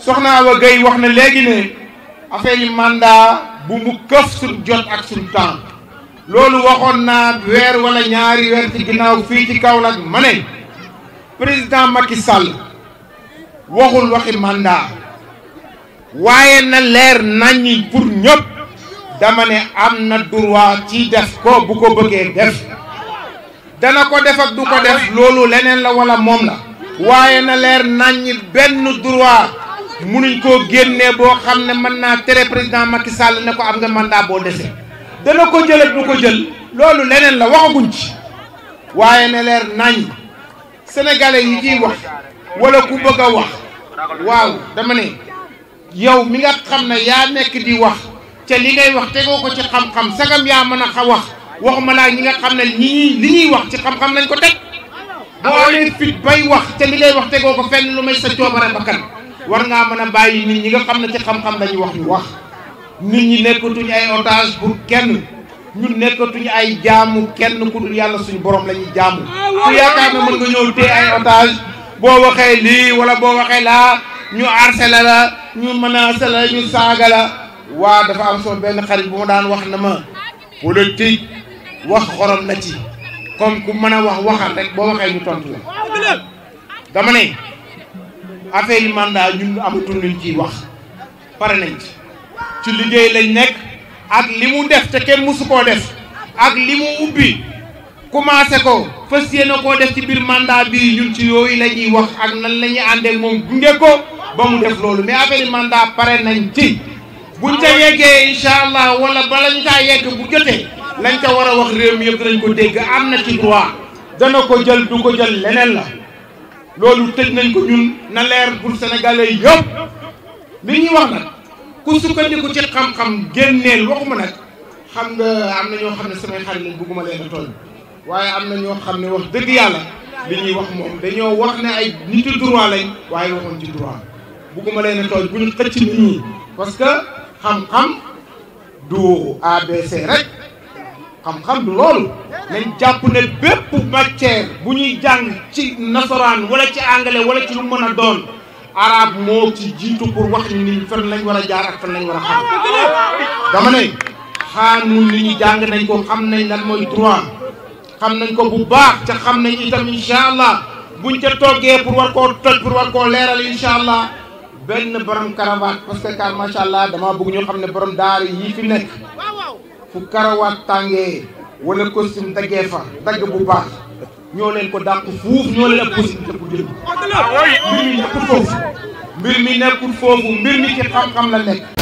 soxna wa gay wax na léegi ne affaire yi mandat bu mu keuf sun jot ak sun tan lolou waxon na wer wala ñaari wer ci ginaaw fi ci Kaolack mané président Macky Sall waxul waxi manda waye na leer naññi pour ñop dama ne am droit ci def ko bu ko bëgge def dana ko def ak du ko def lolou leneen la wala mom la waye na leer naññi benn droit munuñ koo génnee boo xam ne mën naa tere président Macky sàll ne ko am nga mandat boo dese dana ko jël ak ko jël loolu leneen la waxaguñ ci waaye ne leer nañ sénégalais yi ciy wax wala ku bëgg a wax waaw dama ne yow mi nga xam ne yaa nekk di wax ca li ngay wax tegoo ko ci xam-xam sagam yaa mën a wax waxuma laa ñi nga xam ne ñi li ñuy wax ci xam-xam lañ ko teg boo amee fit bay wax ca li ngay wax tegoo ko fenn lu may sa coobare bakkan war ngaa mën a bàyyi nit ñi nga xam ne ci xam-xam lañuy wax ñu wax nit ñi nekkatuñu ay otage pour kenn ñun nekkatuñu ay jaamu kenn ku dul yàlla suñu borom la ñuy jaamu ku yaakaar mën nga ñëw téye ay otage boo waxee lii wala boo waxee laa ñu harcelé la ñu menacé la ñu saaga la waa dafa am sama benn xarit bu ma daan wax na ma politique wax xorom na ci comme ku mën a wax waxal rek boo waxee ñu tontu la dama ne affaire yi mandat ñun amatul luñ ciy wax pare nañ ci ci liggéey lañ nekk ak li mu def te kenn mësu koo def ak li mu ubbi commencé ko fas yéene koo def ci biir mandat bii ñun ci yooyu la ñuy wax ak nan la ñuy àndeel moom gunge ko ba mu def loolu mais affaire yi mandat pare nañ ci buñ ca yeggee incha allah wala bala ñu taa yegg bu jotee lañ ca war a wax réew mi yëpp dinañ ko dégg am na ci droit dana ko jël du ko jël leneen la loolu tëj nañ ko ñun na leer pour sénégalais yëpp li ñuy wax nag ku sukkandiku ci xam-xam génneel waxuma nag xam nga am na ñoo xam ne samay xarit lañ bëgguma leen a tooñ waaye am na ñoo xam ne wax dëgg yàlla li ñuy wax moom dañoo wax ne ay nitu droit lañ waaye waxoon ci droit bëgguma leen a tooñ bu ñu xëcc nit ñi parce que xam-xam du ABC rek xam-xam du loolu nañ japp ne bépp matière bu ñuy jàng ci nasaraan wala ci anglais wala ci lu mën a doon arab moo ci jiitu pour wax ni nit fan lañ war a jaar ak fan lañ war a xam dama ne xaanul li ñu jàng nañ ko xam nañ lan mooy droit xam nañ ko bu baax te xam nañ itam incha allah buñ ca toggee pour war koo toj pour war koo leeral incha allah benn borom karawaat parce que car macha allah dama bëgg ñu xam ne borom daara yi fi nekk fu karawaat tàngee wala costume daggee fa dagg bu baax ñoo leen ko dàq fuuf ñoo leen ak possibilité bu jël mbir mi nekkul foofu mbir mi nekkul foofu mbir mi ci xam-xam la